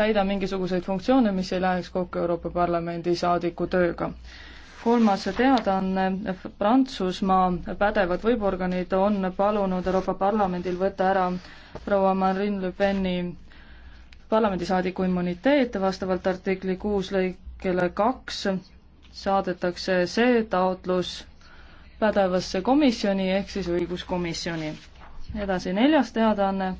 täida mingisuguseid funktsioone, mis ei läheks kokku Euroopa Parlamendi saadiku tööga. kolmas teadaanne, Prantsusmaa pädevad võimuorganid on palunud Euroopa Parlamendil võtta ära proua Marine Le Peni parlamendisaadiku immuniteet vastavalt artikli kuus lõikele kaks saadetakse see taotlus pädevasse komisjoni ehk siis õiguskomisjoni. edasi neljas teadaanne